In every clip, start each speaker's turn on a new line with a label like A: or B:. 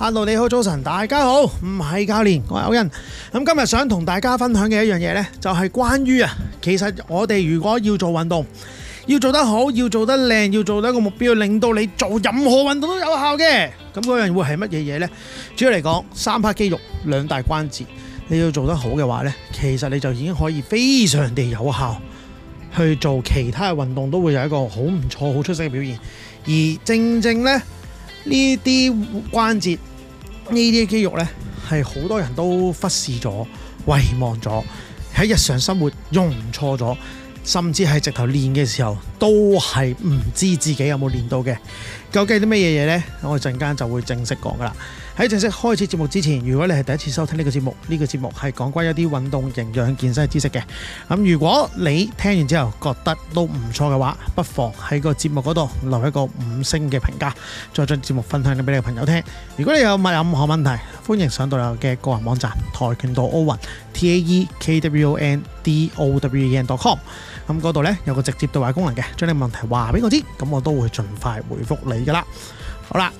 A: Hello，你好，早晨，大家好，唔係教練，我係歐恩。咁今日想同大家分享嘅一樣嘢呢，就係、是、關於啊，其實我哋如果要做運動，要做得好，要做得靚，要做到一個目標，令到你做任何運動都有效嘅。咁嗰樣會係乜嘢嘢呢？主要嚟講，三拍肌肉，兩大關節，你要做得好嘅話呢，其實你就已經可以非常地有效去做其他嘅運動，都會有一個好唔錯、好出色嘅表現。而正正呢，呢啲關節。呢啲肌肉呢，係好多人都忽視咗、遺忘咗，喺日常生活用錯咗，甚至係直頭練嘅時候都係唔知自己有冇練到嘅。究竟係啲咩嘢嘢呢？我陣間就會正式講噶啦。喺正式開始節目之前，如果你係第一次收聽呢個節目，呢個節目係講關於一啲運動營養健身知識嘅。咁如果你聽完之後覺得都唔錯嘅話，不妨喺個節目嗰度留一個五星嘅評價，再將節目分享呢俾你嘅朋友聽。如果你有乜任何問題，歡迎上到我嘅個人網站跆拳道 Owen T A E K W O N D O W E N dot com。咁嗰度呢有個直接對話功能嘅，將你問題話俾我知，咁我都會盡快回覆你噶啦。好啦。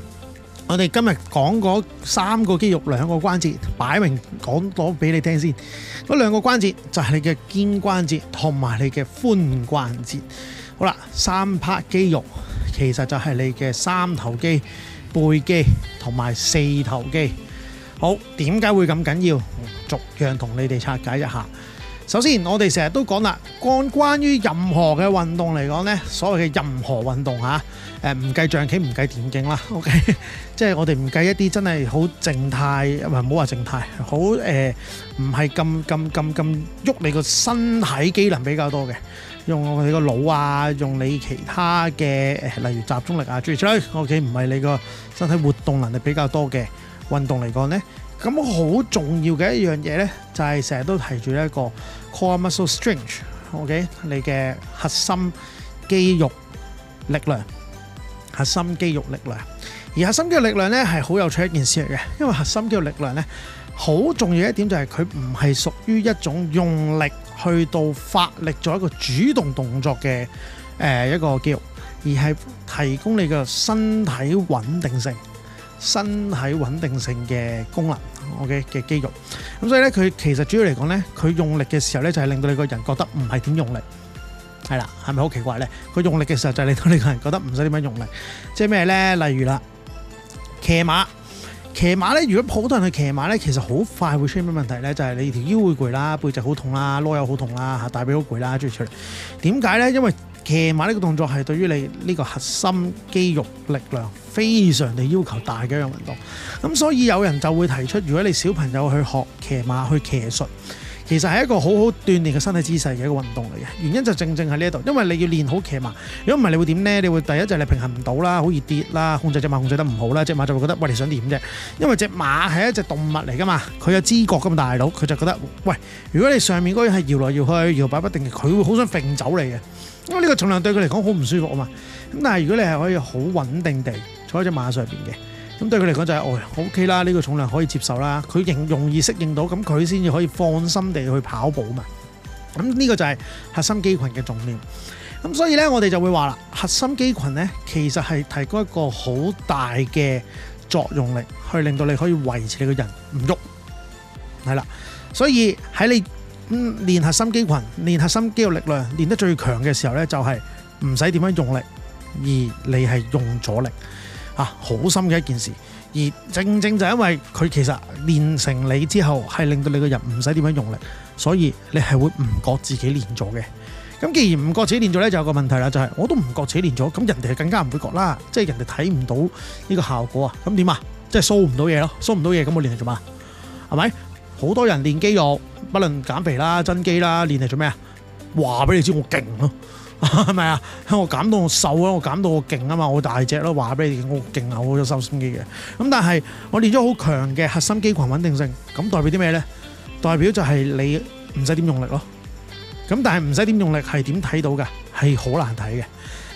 A: 我哋今日講嗰三個肌肉，兩個關節，擺明講講俾你聽先。嗰兩個關節就係你嘅肩關節同埋你嘅髖關節。好啦，三 part 肌肉其實就係你嘅三頭肌、背肌同埋四頭肌。好，點解會咁緊要？逐樣同你哋拆解一下。首先，我哋成日都講啦，關關於任何嘅運動嚟講咧，所謂嘅任何運動嚇，誒唔計象棋，唔計田徑啦，OK，即係我哋唔計一啲真係好靜態，唔係唔好話靜態，好誒唔係咁咁咁咁喐你個身體機能比較多嘅，用你個腦啊，用你其他嘅誒，例如集中力啊，注意，OK，唔係你個身體活動能力比較多嘅運動嚟講咧，咁好重要嘅一樣嘢咧，就係成日都提住一個。Core muscle strength，OK，okay？你嘅核心肌肉力量，核心肌肉力量。而核心肌肉力量咧，係好有趣的一件事嚟嘅，因為核心肌肉力量咧，好重要一點就係佢唔係屬於一種用力去到發力做一個主動動作嘅誒一個肌肉，而係提供你嘅身體穩定性。身體穩定性嘅功能，OK 嘅肌肉，咁所以咧，佢其實主要嚟講咧，佢用力嘅時候咧，就係令到你個人覺得唔係點用力，係啦，係咪好奇怪咧？佢用力嘅時候就係令到你個人覺得唔使點樣用力，即係咩咧？例如啦，騎馬，騎馬咧，如果普通人去騎馬咧，其實好快會出現咩問題咧？就係、是、你條腰會攰啦，背脊好痛啦，囉柚好痛啦，嚇，大腿好攰啦，最出嚟。點解咧？因為騎馬呢個動作係對於你呢個核心肌肉力量非常地要求大嘅一樣運動。咁所以有人就會提出，如果你小朋友去學騎馬去騎術，其實係一個好好鍛煉嘅身體姿勢嘅一個運動嚟嘅。原因就正正喺呢一度，因為你要練好騎馬，如果唔係你會點呢？你會第一就係你平衡唔到啦，好易跌啦，控制隻馬控制得唔好啦，隻馬就會覺得喂，你想點啫？因為隻馬係一隻動物嚟㗎嘛，佢有知覺咁大腦，佢就覺得喂，如果你上面嗰樣係搖來搖去、搖擺不定，佢會好想揈走你嘅。咁呢個重量對佢嚟講好唔舒服啊嘛，咁但係如果你係可以好穩定地坐喺隻馬上邊嘅，咁對佢嚟講就係，哦，OK 啦，呢個重量可以接受啦，佢認容易適應到，咁佢先至可以放心地去跑步啊嘛。咁呢個就係核心肌群嘅重點。咁所以呢，我哋就會話啦，核心肌群呢，其實係提供一個好大嘅作用力，去令到你可以維持你個人唔喐。係啦，所以喺你。咁練核心肌群，練核心肌肉力量，練得最強嘅時候呢，就係唔使點樣用力，而你係用咗力，吓好深嘅一件事。而正正就因為佢其實練成你之後，係令到你個人唔使點樣用力，所以你係會唔覺自己練咗嘅。咁既然唔覺自己練咗呢，就有個問題啦，就係我都唔覺自己練咗，咁人哋更加唔會覺啦，即係人哋睇唔到呢個效果啊，咁點啊？即係 show 唔到嘢咯，show 唔到嘢，咁我練嚟做乜？係咪？好多人練肌肉。不論減肥啦、增肌啦，練嚟做咩啊？話俾你知我勁咯，係咪啊？我減到我瘦啦，我減到我勁啊嘛，我大隻咯。話俾你知我勁啊，我有收心機嘅。咁但係我練咗好強嘅核心肌群穩定性，咁代表啲咩咧？代表就係你唔使點用力咯。咁但係唔使點用力係點睇到噶係好難睇嘅。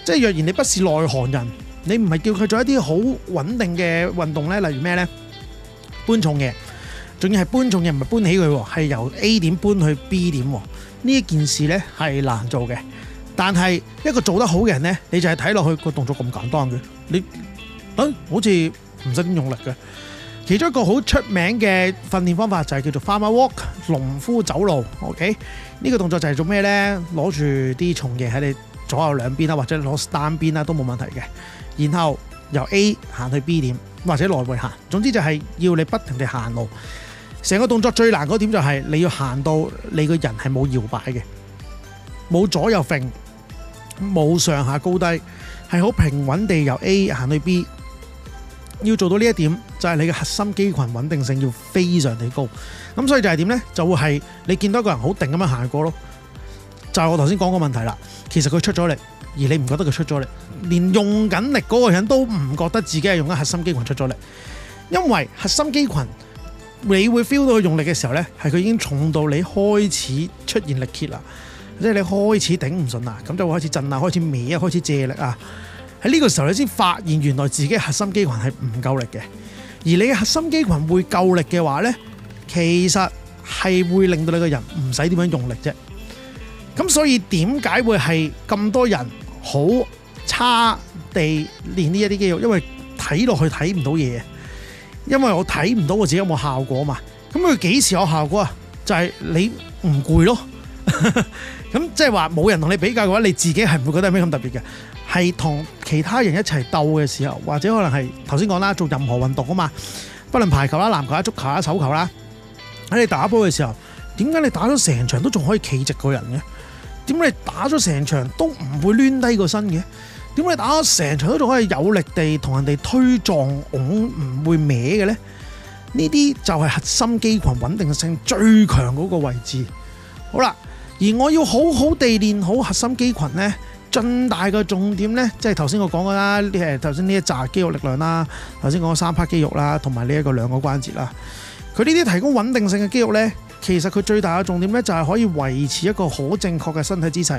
A: 即係若然你不是內行人，你唔係叫佢做一啲好穩定嘅運動咧，例如咩咧？搬重嘢。仲要係搬重嘢，唔係搬起佢，係由 A 點搬去 B 點。呢一件事呢係難做嘅，但係一個做得好嘅人呢，你就係睇落去個動作咁簡單嘅，你、啊、好似唔識點用力嘅。其中一個好出名嘅訓練方法就係叫做 Farmer Walk，農夫走路。OK，呢個動作就係做咩呢？攞住啲重嘢喺你左右兩邊啦，或者攞單邊啦都冇問題嘅。然後由 A 行去 B 點，或者來回行，總之就係要你不停地行路。成個動作最難嗰點就係你要行到你個人係冇搖擺嘅，冇左右揈，冇上下高低，係好平穩地由 A 行到 B。要做到呢一點，就係你嘅核心肌群穩定性要非常地高。咁所以就係點呢？就會係你見到一個人好定咁樣行過咯。就係我頭先講個問題啦。其實佢出咗力，而你唔覺得佢出咗力，連用緊力嗰個人都唔覺得自己係用緊核心肌群出咗力，因為核心肌群。你會 feel 到佢用力嘅時候呢，係佢已經重到你開始出現力竭啦，即係你開始頂唔順啦，咁就會開始震啊，開始歪啊，開始借力啊。喺呢個時候你先發現原來自己核心肌群係唔夠力嘅。而你嘅核心肌群會夠力嘅話呢，其實係會令到你個人唔使點樣用力啫。咁所以點解會係咁多人好差地練呢一啲肌肉？因為睇落去睇唔到嘢。因為我睇唔到我自己有冇效果嘛，咁佢幾時有效果啊？就係你唔攰咯，咁即係話冇人同你比較嘅話，你自己係唔會覺得有咩咁特別嘅。係同其他人一齊鬥嘅時候，或者可能係頭先講啦，做任何運動啊嘛，不論排球啦、籃球啦、足球啦、手球啦，喺你打波嘅時候，點解你打咗成場都仲可以企直個人嘅？點解你打咗成場都唔會攣低個身嘅？點解打成場都仲可以有力地同人哋推撞拱，唔會歪嘅呢？呢啲就係核心肌群穩定性最強嗰個位置。好啦，而我要好好地練好核心肌群呢，最大嘅重點呢，即係頭先我講嘅啦，誒，頭先呢一紮肌肉力量啦，頭先講三組肌肉啦，同埋呢一個兩個關節啦，佢呢啲提供穩定性嘅肌肉呢，其實佢最大嘅重點呢，就係可以維持一個好正確嘅身體姿勢。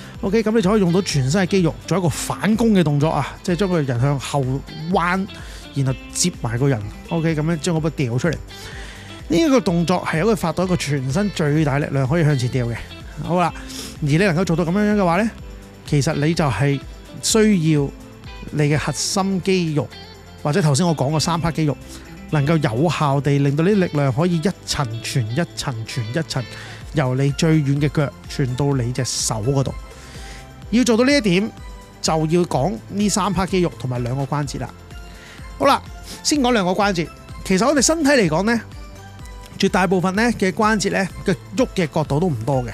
A: O K，咁你就可以用到全身嘅肌肉做一個反攻嘅動作啊！即係將個人向後彎，然後接埋個人。O K，咁樣將個把掉出嚟呢一個動作係可以發到一個全身最大力量可以向前掉嘅。好啦，而你能夠做到咁樣嘅話呢，其實你就係需要你嘅核心肌肉或者頭先我講過三拍肌肉，能夠有效地令到你啲力量可以一層傳一層傳一層，由你最遠嘅腳傳到你隻手嗰度。要做到呢一點，就要講呢三 part 肌肉同埋兩個關節啦。好啦，先講兩個關節。其實我哋身體嚟講呢，絕大部分呢嘅關節呢，嘅喐嘅角度都唔多嘅，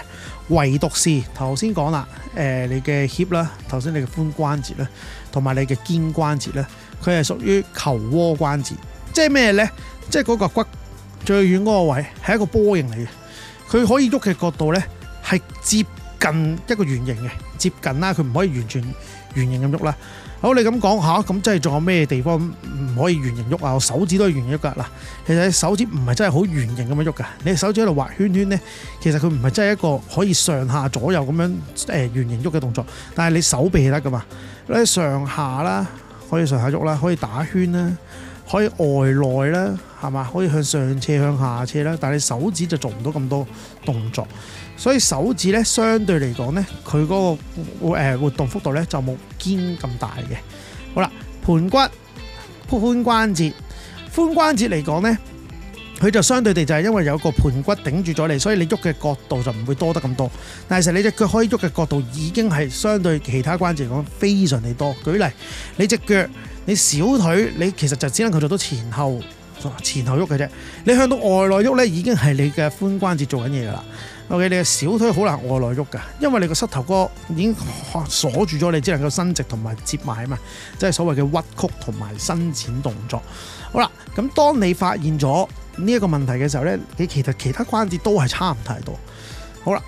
A: 唯獨是頭先講啦，誒、呃、你嘅 hip 啦，頭先你嘅髖關節咧，同埋你嘅肩關節咧，佢係屬於球窩關節，即係咩呢？即係嗰個骨最遠嗰個位係一個波形嚟嘅，佢可以喐嘅角度呢，係接近一個圓形嘅。接近啦，佢唔可以完全圓形咁喐啦。好，你咁講下，咁即係仲有咩地方唔可以圓形喐啊？我手指都係圓形喐噶。嗱，其實手指唔係真係好圓形咁樣喐噶。你手指喺度畫圈圈咧，其實佢唔係真係一個可以上下左右咁樣誒圓形喐嘅動作。但係你手臂係得噶嘛？你上下啦，可以上下喐啦，可以打圈啦，可以外內啦，係嘛？可以向上斜向下斜啦。但係你手指就做唔到咁多動作。所以手指咧，相對嚟講咧，佢嗰個活動幅度咧就冇肩咁大嘅。好啦，盤骨、骨、髖關節、髖關節嚟講咧，佢就相對地就係因為有一個盤骨頂住咗你，所以你喐嘅角度就唔會多得咁多。但係其實你隻腳可以喐嘅角度已經係相對其他關節嚟講非常地多。舉例，你隻腳、你小腿，你其實就只能夠做到前後前後喐嘅啫。你向到外內喐咧，已經係你嘅髖關節做緊嘢㗎喇。OK，你嘅小腿好難外來喐噶，因為你個膝頭哥已經鎖住咗，你只能夠伸直同埋接埋啊嘛，即係所謂嘅屈曲同埋伸展動作。好啦，咁當你發現咗呢一個問題嘅時候呢，你其實其他關節都係差唔太多。好啦，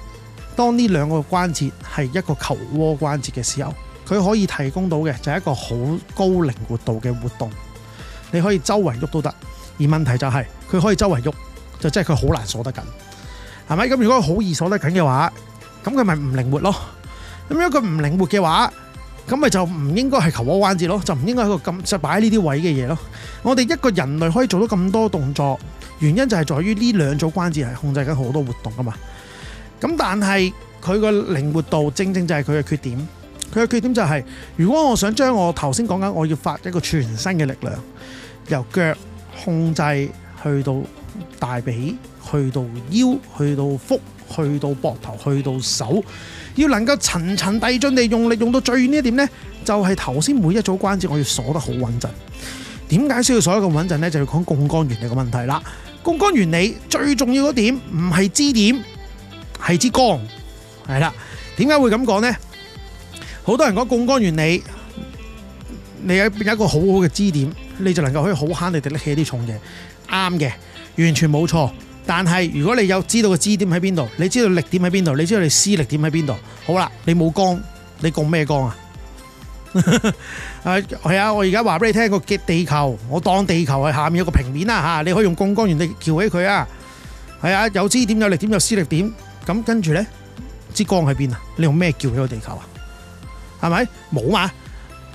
A: 當呢兩個關節係一個球窩關節嘅時候，佢可以提供到嘅就係一個好高靈活度嘅活動，你可以周圍喐都得。而問題就係，佢可以周圍喐，就即係佢好難鎖得緊。係咪咁？如果好易鎖得緊嘅話，咁佢咪唔靈活咯？咁樣佢唔靈活嘅話，咁咪就唔應該係球窩關節咯？就唔應該喺個咁就擺喺呢啲位嘅嘢咯？我哋一個人類可以做到咁多動作，原因就係在於呢兩組關節係控制緊好多活動噶嘛。咁但係佢個靈活度正正就係佢嘅缺點。佢嘅缺點就係、是，如果我想將我頭先講緊，我要發一個全身嘅力量，由腳控制去到大髀。去到腰，去到腹，去到膊頭，去到手，要能夠層層遞進地用力，用到最遠呢一點呢，就係頭先每一組關節我要鎖得好穩陣。點解需要鎖得咁穩陣呢？就要講槓桿原理嘅問題啦。槓桿原理最重要嗰點唔係支點，係支桿，係啦。點解會咁講呢？好多人講槓桿原理，你有有一個好好嘅支點，你就能夠可以好慳地拎起啲重嘢，啱嘅，完全冇錯。但係如果你有知道個支點喺邊度，你知道力點喺邊度，你知道你施力點喺邊度。好啦，你冇槓，你槓咩槓啊？ 啊，係啊，我而家話俾你聽、個地球，我當地球係下面有個平面啦吓、啊，你可以用槓桿原理嚟撬起佢啊，係啊，有支點有力點有施力點，咁跟住咧，支槓喺邊啊？你用咩撬起個地球啊？係咪冇啊？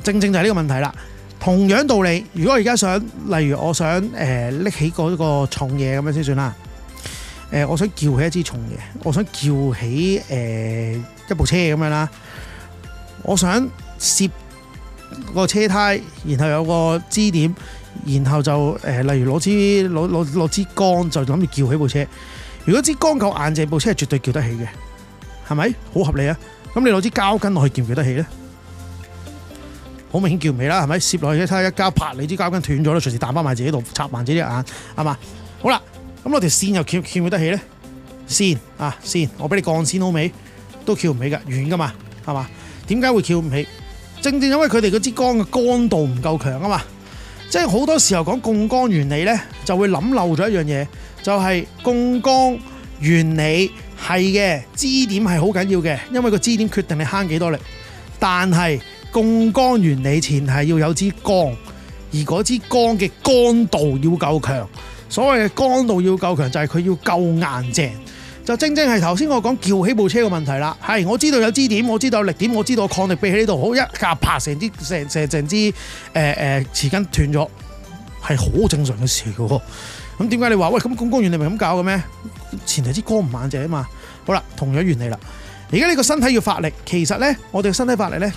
A: 正正就係呢個問題啦。同樣道理，如果而家想，例如我想誒拎、呃、起嗰個重嘢咁樣先算啦。誒、呃，我想撬起一支重嘢，我想撬起誒、呃、一部車咁樣啦。我想攝個車胎，然後有個支點，然後就誒、呃，例如攞支攞攞攞支鋼，就諗住撬起部車。如果支鋼夠硬淨，部車係絕對撬得起嘅，係咪？好合理啊！咁你攞支膠巾落去撬唔撬得起咧？好明顯撬唔起啦，係咪？攝落去一擦一膠拍，你支膠巾斷咗啦，隨時彈翻埋自己度，插埋自己眼，係嘛？好啦。咁我條線又翹唔翹得起呢？線啊，先我俾你鋼線好未？都翹唔起㗎，軟噶嘛，係嘛？點解會翹唔起？正正因為佢哋嗰支桿嘅剛度唔夠強啊嘛！即係好多時候講槓桿原理呢就會諗漏咗一樣嘢，就係、是、槓桿原理係嘅支點係好緊要嘅，因為個支點決定你慳幾多力。但係槓桿原理前係要有支桿，而嗰支桿嘅剛度要夠強。所謂鋼度要夠強，就係、是、佢要夠硬淨，就正正係頭先我講撬起部車嘅問題啦。係我知道有支點，我知道有力點，我知道我抗力臂喺呢度，好一架啪成支成成成支誒匙羹斷咗，係好正常嘅事嘅喎。咁點解你話喂，咁槓桿原理咪咁搞嘅咩？前提支鋼唔硬淨啊嘛。好啦，同樣原理啦。而家呢個身體要發力，其實咧我哋嘅身體發力咧。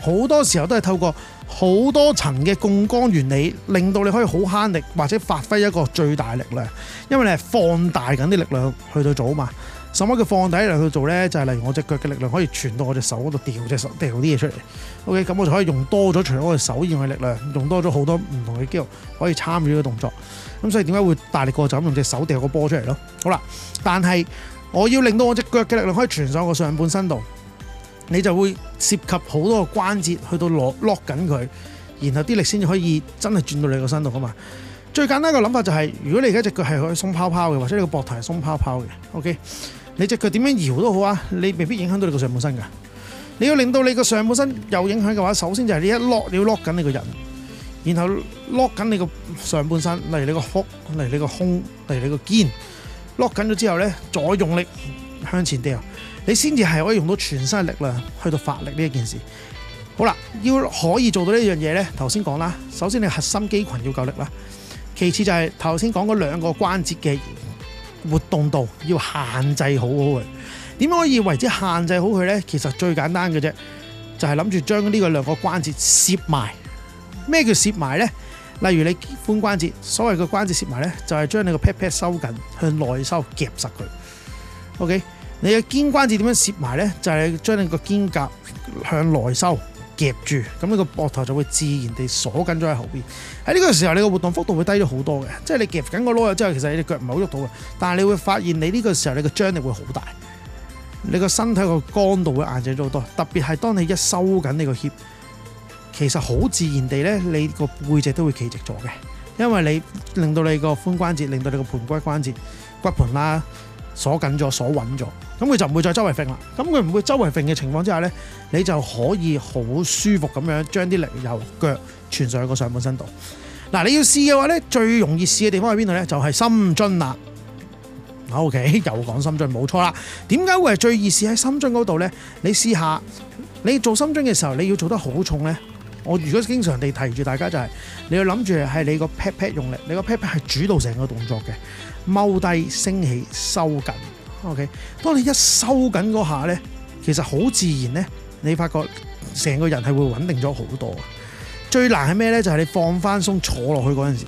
A: 好多時候都係透過好多層嘅槓桿原理，令到你可以好慳力，或者發揮一個最大力量。因為你係放大緊啲力量去到做啊嘛。什麼叫放大力量去做呢？就係、是、例如我隻腳嘅力量可以傳到我隻手嗰度，掉隻手掉啲嘢出嚟。OK，咁我就可以用多咗除我隻手以外力量，用多咗好多唔同嘅肌肉可以參與呢個動作。咁所以點解會大力過就咁用隻手掉個波出嚟咯？好啦，但係我要令到我隻腳嘅力量可以傳上我上半身度。你就會涉及好多個關節，去到落落緊佢，然後啲力先至可以真係轉到你個身度噶嘛。最簡單個諗法就係、是，如果你而家隻腳係可以鬆泡泡嘅，或者你個膊頭係鬆泡泡嘅，OK，你隻腳點樣搖都好啊，你未必影響到你個上半身噶。你要令到你個上半身有影響嘅話，首先就係你一落，你要落緊你個人，然後落緊你個上半身，例如你個腹，例如你個胸，例如你個肩，落緊咗之後呢，再用力向前掟。你先至係可以用到全身嘅力量去到發力呢一件事。好啦，要可以做到呢樣嘢呢？頭先講啦，首先你核心肌群要夠力啦，其次就係頭先講嗰兩個關節嘅活動度要限制好佢。點可以為之限制好佢呢？其實最簡單嘅啫，就係諗住將呢個兩個關節攝埋。咩叫攝埋呢？例如你髖關節，所謂嘅關節攝埋呢，就係將你個 pat pat 收緊，向內收夾實佢。OK。你嘅肩關節點樣攝埋呢？就係你將你個肩胛向內收夾住，咁你個膊頭就會自然地鎖緊咗喺後邊。喺呢個時候，你個活動幅度會低咗好多嘅。即係你夾緊個囉柚之後，其實你隻腳唔係好喐到嘅。但係你會發現，你呢個時候你個張力會好大，你個身體個剛度會硬淨咗好多。特別係當你一收緊你個 hip，其實好自然地呢，你個背脊都會企直咗嘅，因為你令到你個髖關節、令到你個盆骨關節、骨盤啦。鎖緊咗，鎖穩咗，咁佢就唔會再周圍揈啦。咁佢唔會周圍揈嘅情況之下呢，你就可以好舒服咁樣將啲力由腳傳上去個上半身度。嗱，你要試嘅話呢，最容易試嘅地方喺邊度呢？就係、是、深蹲啦。OK，又講深蹲，冇錯啦。點解會係最易試喺深蹲嗰度呢？你試下，你做深蹲嘅時候，你要做得好重呢。我如果經常地提住大家就係、是，你要諗住係你個 pat pat 用力，你個 pat pat 係主導成個動作嘅，踎低、升起、收緊。OK，當你一收緊嗰下呢，其實好自然呢，你發覺成個人係會穩定咗好多。最難係咩呢？就係、是、你放翻鬆坐落去嗰陣時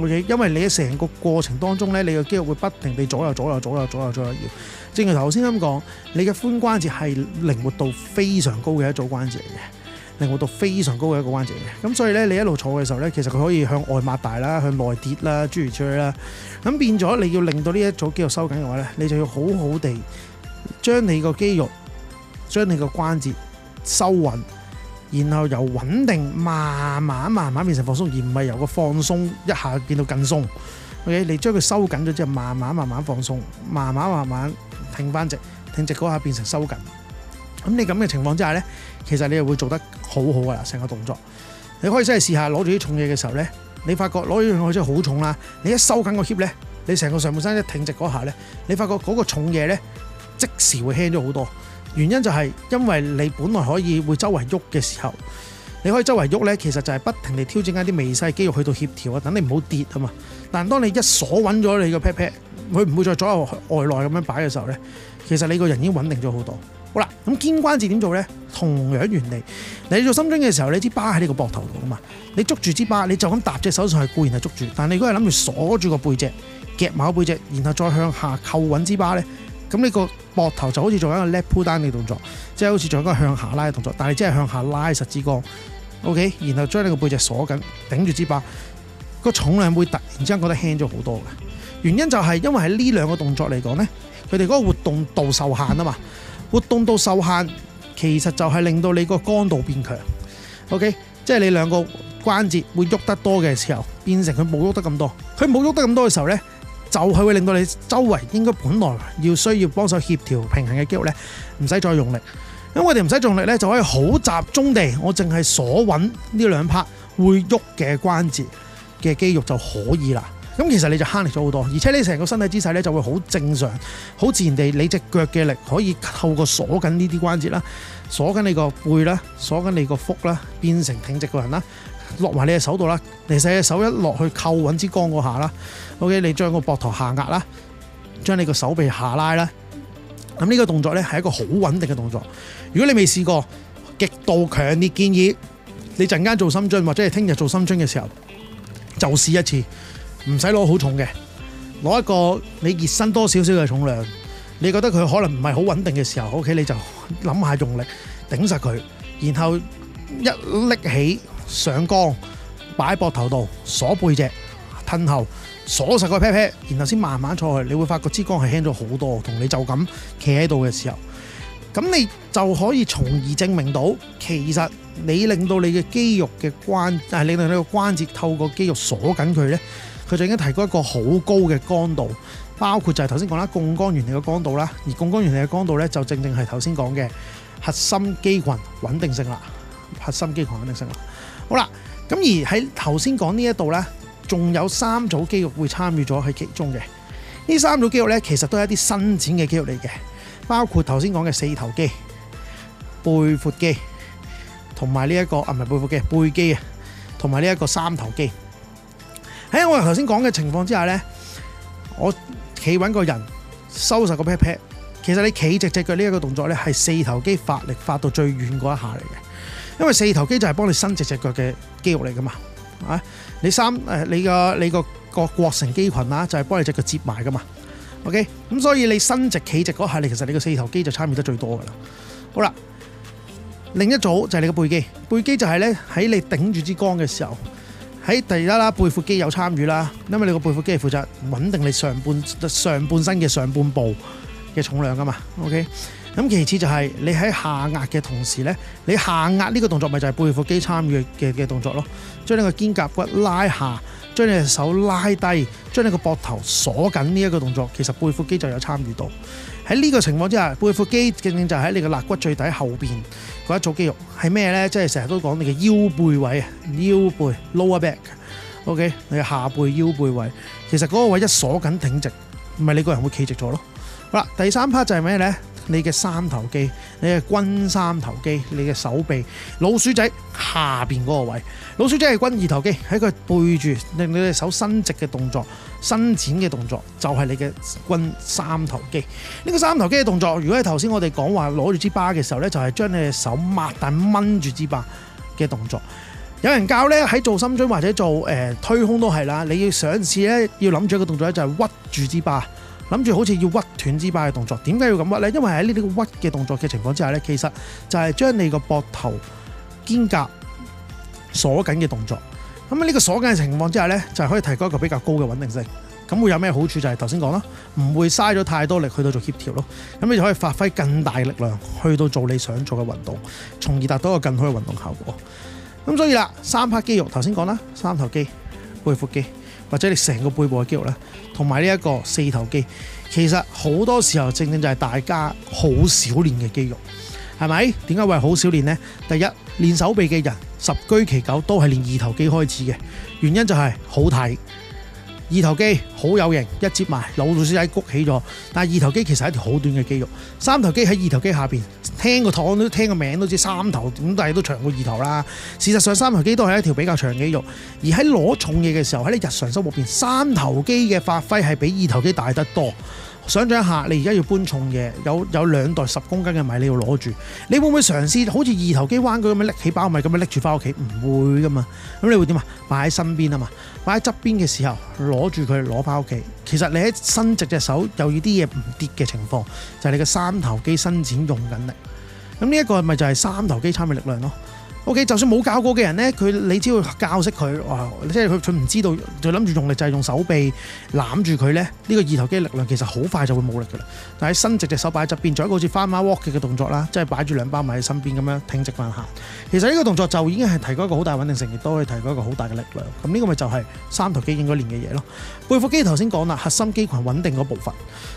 A: ，OK，因為你喺成個過程當中呢，你嘅肌肉會不停地左右、左，左，左右、左右、左右、左右搖。正如頭先咁講，你嘅髖關節係靈活度非常高嘅一組關節嚟嘅。靈活度非常高嘅一個關節嘅，咁所以咧，你一路坐嘅時候咧，其實佢可以向外抹大啦，向內跌啦，諸如此類啦。咁變咗，你要令到呢一組肌肉收緊嘅話咧，你就要好好地將你個肌肉、將你個關節收穩，然後由穩定慢慢慢慢變成放鬆，而唔係由個放鬆一下變到更鬆。O.K.，你將佢收緊咗之後，慢慢慢慢放鬆，慢慢慢慢挺翻直，挺直嗰下變成收緊。咁你咁嘅情況之下咧，其實你又會做得。好好啊！成個動作，你可以真係試下攞住啲重嘢嘅時候呢，你發覺攞呢樣嘢真係好重啦。你一收緊個 hip 呢，你成個上半身一挺直嗰下呢，你發覺嗰個重嘢呢，即時會輕咗好多。原因就係因為你本來可以會周圍喐嘅時候，你可以周圍喐呢，其實就係不停地挑戰緊啲微細肌肉去到協調啊，等你唔好跌啊嘛。但係當你一鎖穩咗你個 pat pat，佢唔會再左右外內咁樣擺嘅時候呢，其實你個人已經穩定咗好多。好啦，咁肩關節點做呢？同樣原理，你做深蹲嘅時候，你支巴喺你個膊頭度嘛，你捉住支巴，你就咁搭隻手上去，固然係捉住，但你如果係諗住鎖住個背脊，夾埋個背脊，然後再向下扣穩支巴呢。咁你個膊頭就好似做一個 lat pull down 嘅動作，即係好似做一個向下拉嘅動作，但係即係向下拉實支槓，OK，然後將你個背脊鎖緊，頂住支巴，個重量會突然之間覺得輕咗好多嘅。原因就係因為喺呢兩個動作嚟講呢，佢哋嗰個活動度受限啊嘛。活動到受限，其實就係令到你個剛度變強。OK，即係你兩個關節會喐得多嘅時候，變成佢冇喐得咁多。佢冇喐得咁多嘅時候呢，就係會令到你周圍應該本來要需要幫手協調平衡嘅肌肉呢，唔使再用力。因為我哋唔使用力呢，就可以好集中地，我淨係鎖穩呢兩 part 會喐嘅關節嘅肌肉就可以啦。咁其實你就慳力咗好多，而且你成個身體姿勢咧就會好正常、好自然地，你隻腳嘅力可以透過鎖緊呢啲關節啦，鎖緊你個背啦，鎖緊你個腹啦，變成挺直個人啦，落埋你嘅手度啦，你使隻手一落去扣穩支桿嗰下啦，OK，你將個膊頭下壓啦，將你個手臂下拉啦，咁呢個動作咧係一個好穩定嘅動作。如果你未試過，極度強烈建議你陣間做深蹲，或者係聽日做深蹲嘅時候就試一次。唔使攞好重嘅，攞一個你熱身多少少嘅重量。你覺得佢可能唔係好穩定嘅時候，OK，你就諗下用力頂實佢，然後一拎起上桿擺喺膊頭度鎖背脊，吞後鎖實個 pat pat，然後先慢慢坐去。你會發覺支桿係輕咗好多，同你就咁企喺度嘅時候，咁你就可以從而證明到其實你令到你嘅肌肉嘅關啊，令到你嘅關節透過肌肉鎖緊佢呢，佢就已經提高一個好高嘅剛度，包括就係頭先講啦，槓桿原理嘅剛度啦，而槓桿原理嘅剛度咧，就正正係頭先講嘅核心肌群穩定性啦，核心肌群穩定性啦。好啦，咁而喺頭先講呢一度咧，仲有三組肌肉會參與咗喺其中嘅，呢三組肌肉咧，其實都係一啲伸展嘅肌肉嚟嘅，包括頭先講嘅四頭肌、背闊肌同埋呢一個啊，唔係背闊肌，背肌啊，同埋呢一個三頭肌。喺我頭先講嘅情況之下呢，我企穩個人，收拾個 pat pat。其實你企直隻腳呢一個動作呢，係四頭肌發力發到最遠嗰一下嚟嘅。因為四頭肌就係幫你伸直隻腳嘅肌肉嚟噶嘛，啊你三誒，你個你個個膕繩肌群啦，就係幫你隻腳接埋噶嘛。OK，咁所以你伸直企直嗰下，你其實你個四頭肌就參與得最多噶啦。好啦，另一組就係你個背肌，背肌就係呢，喺你頂住支桿嘅時候。喺第一啦，背闊肌有參與啦，因為你個背闊肌係負責穩定你上半上半身嘅上半部嘅重量噶嘛，OK？咁其次就係你喺下壓嘅同時呢，你下壓呢個動作咪就係背闊肌參與嘅嘅動作咯，將你個肩胛骨拉下。將你隻手拉低，將你個膊頭鎖緊呢一個動作，其實背闊肌就有參與到。喺呢個情況之下，背闊肌正正就喺你個肋骨最底後邊嗰一組肌肉係咩呢？即係成日都講你嘅腰背位啊，腰背 （lower back）。OK，你嘅下背腰背位，其實嗰個位一鎖緊挺直，唔係你個人會企直咗咯。好啦，第三 part 就係咩呢？你嘅三頭肌，你嘅肱三頭肌，你嘅手臂，老鼠仔下邊嗰個位，老鼠仔係肱二頭肌，喺佢背住令你隻手伸直嘅動作、伸展嘅動作就係、是、你嘅肱三頭肌。呢、這個三頭肌嘅動作，如果係頭先我哋講話攞住支巴嘅時候呢就係、是、將你隻手握緊掹住支巴嘅動作。有人教呢，喺做深蹲或者做誒、呃、推胸都係啦，你要上試呢，要諗住一個動作呢就係、是、屈住支巴。諗住好似要屈斷支巴嘅動作，點解要咁屈呢？因為喺呢啲屈嘅動作嘅情況之下呢，其實就係將你個膊頭肩胛鎖緊嘅動作。咁呢個鎖緊嘅情況之下呢，就係可以提高一個比較高嘅穩定性。咁會有咩好處就是？就係頭先講啦，唔會嘥咗太多力去到做協調咯。咁你就可以發揮更大力量去到做你想做嘅運動，從而達到一個更好嘅運動效果。咁所以啦，三拍肌肉，頭先講啦，三頭肌、背闊肌。或者你成個背部嘅肌肉咧，同埋呢一個四頭肌，其實好多時候正正就係大家好少練嘅肌肉，係咪？點解會好少練呢？第一，練手臂嘅人，十居其九都係練二頭肌開始嘅，原因就係好睇。二頭肌好有型，一接埋老細谷起咗。但係二頭肌其實係一條好短嘅肌肉，三頭肌喺二頭肌下邊，聽個堂都聽個名都知三頭，咁但係都長過二頭啦。事實上三，三頭肌都係一條比較長嘅肌肉，而喺攞重嘢嘅時候，喺你日常生活邊，三頭肌嘅發揮係比二頭肌大得多。想象一下，你而家要搬重嘢，有有兩袋十公斤嘅米你要攞住，你會唔會嘗試好似二頭肌彎舉咁樣拎起包米咁樣拎住翻屋企？唔會噶嘛，咁你會點啊？擺喺身邊啊嘛，擺喺側邊嘅時候攞住佢攞翻屋企。其實你喺伸直隻手有要啲嘢唔跌嘅情況，就係、是、你嘅三頭肌伸展用緊力。咁呢一個咪就係三頭肌參與力量咯。O.K. 就算冇教過嘅人呢，佢你只要教識佢，哇、哦！即係佢佢唔知道，就諗住用力就係、是、用手臂攬住佢呢呢、這個二頭肌力量其實好快就會冇力㗎啦。但係伸直隻手擺喺側邊，仲有一個好似 farmer walk 嘅動作啦，即係擺住兩包米喺身邊咁樣挺直慢行。其實呢個動作就已經係提高一個好大穩定性，亦都可以提高一個好大嘅力量。咁呢個咪就係三頭肌應該練嘅嘢咯。背闊肌頭先講啦，核心肌群穩定嗰部分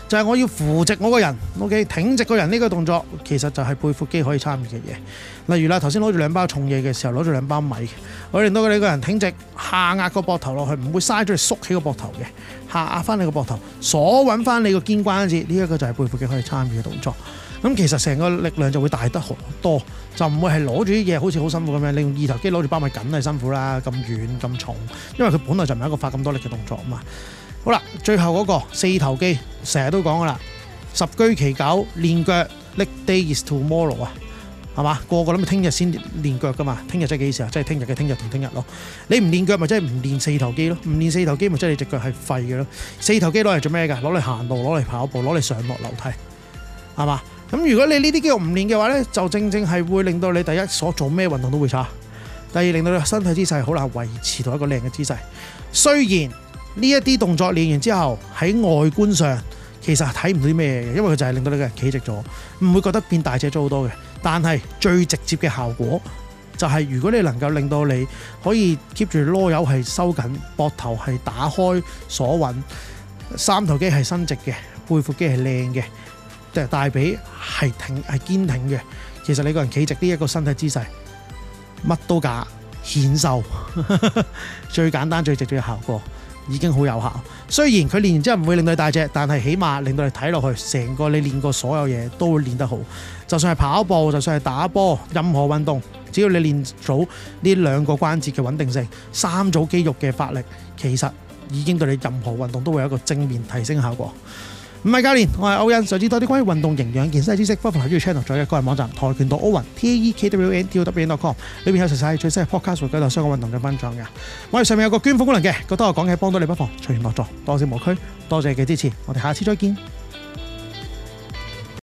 A: 就係、是、我要扶直我個人，O.K. 挺直個人呢個動作，其實就係背闊肌可以參與嘅嘢。例如啦，頭先攞住兩包。嘢嘅時候攞住兩包米，我令到你個人挺直，下壓個膊頭落去，唔會嘥咗嚟縮起個膊頭嘅，下壓翻你個膊頭，鎖穩翻你個肩關節，呢、這、一個就係背闊肌可以參與嘅動作。咁其實成個力量就會大得好多，就唔會係攞住啲嘢好似好辛苦咁樣。你用二頭肌攞住包米梗係辛苦啦，咁遠咁重，因為佢本來就唔係一個發咁多力嘅動作啊嘛。好啦，最後嗰、那個四頭肌，成日都講噶啦，十居其九練腳 Leg day is tomorrow 啊！係嘛？個個諗住聽日先練腳㗎嘛？聽日即係幾時啊？即係聽日嘅聽日同聽日咯。你唔練腳咪即係唔練四頭肌咯。唔練四頭肌咪即係你隻腳係廢嘅咯。四頭肌攞嚟做咩㗎？攞嚟行路，攞嚟跑步，攞嚟上落樓梯，係嘛？咁如果你呢啲肌肉唔練嘅話呢，就正正係會令到你第一所做咩運動都會差，第二令到你身體姿勢好難維持到一個靚嘅姿勢。雖然呢一啲動作練完之後喺外觀上其實睇唔到啲咩嘅，因為佢就係令到你個人企直咗，唔會覺得變大隻咗好多嘅。但係最直接嘅效果，就係如果你能夠令到你可以 keep 住囉柚係收緊，膊頭係打開鎖穩，三頭肌係伸直嘅，背闊肌係靚嘅，就大髀係挺係堅挺嘅。其實你個人企直呢一個身體姿勢，乜都假，顯瘦， 最簡單最直接嘅效果。已經好有效。雖然佢練完之後唔會令到你大隻，但係起碼令到你睇落去，成個你練過所有嘢都會練得好。就算係跑步，就算係打波，任何運動，只要你練咗呢兩個關節嘅穩定性，三組肌肉嘅發力，其實已經對你任何運動都會有一個正面提升效果。唔係教練，我係歐欣。想知多啲關於運動營養、健身知識，不妨留意 channel 在嘅個，個，個人網站跆拳道歐文 t、a、e、k、w、o、n、d、o、w、e、n dot com，裏面有實晒最新嘅 podcast，會舉到相關運動嘅分享嘅。我哋上面有個捐款功能嘅，覺得我講嘅幫到你不，不妨隨緣樂助，多謝無區，多謝你嘅支持，我哋下次再見。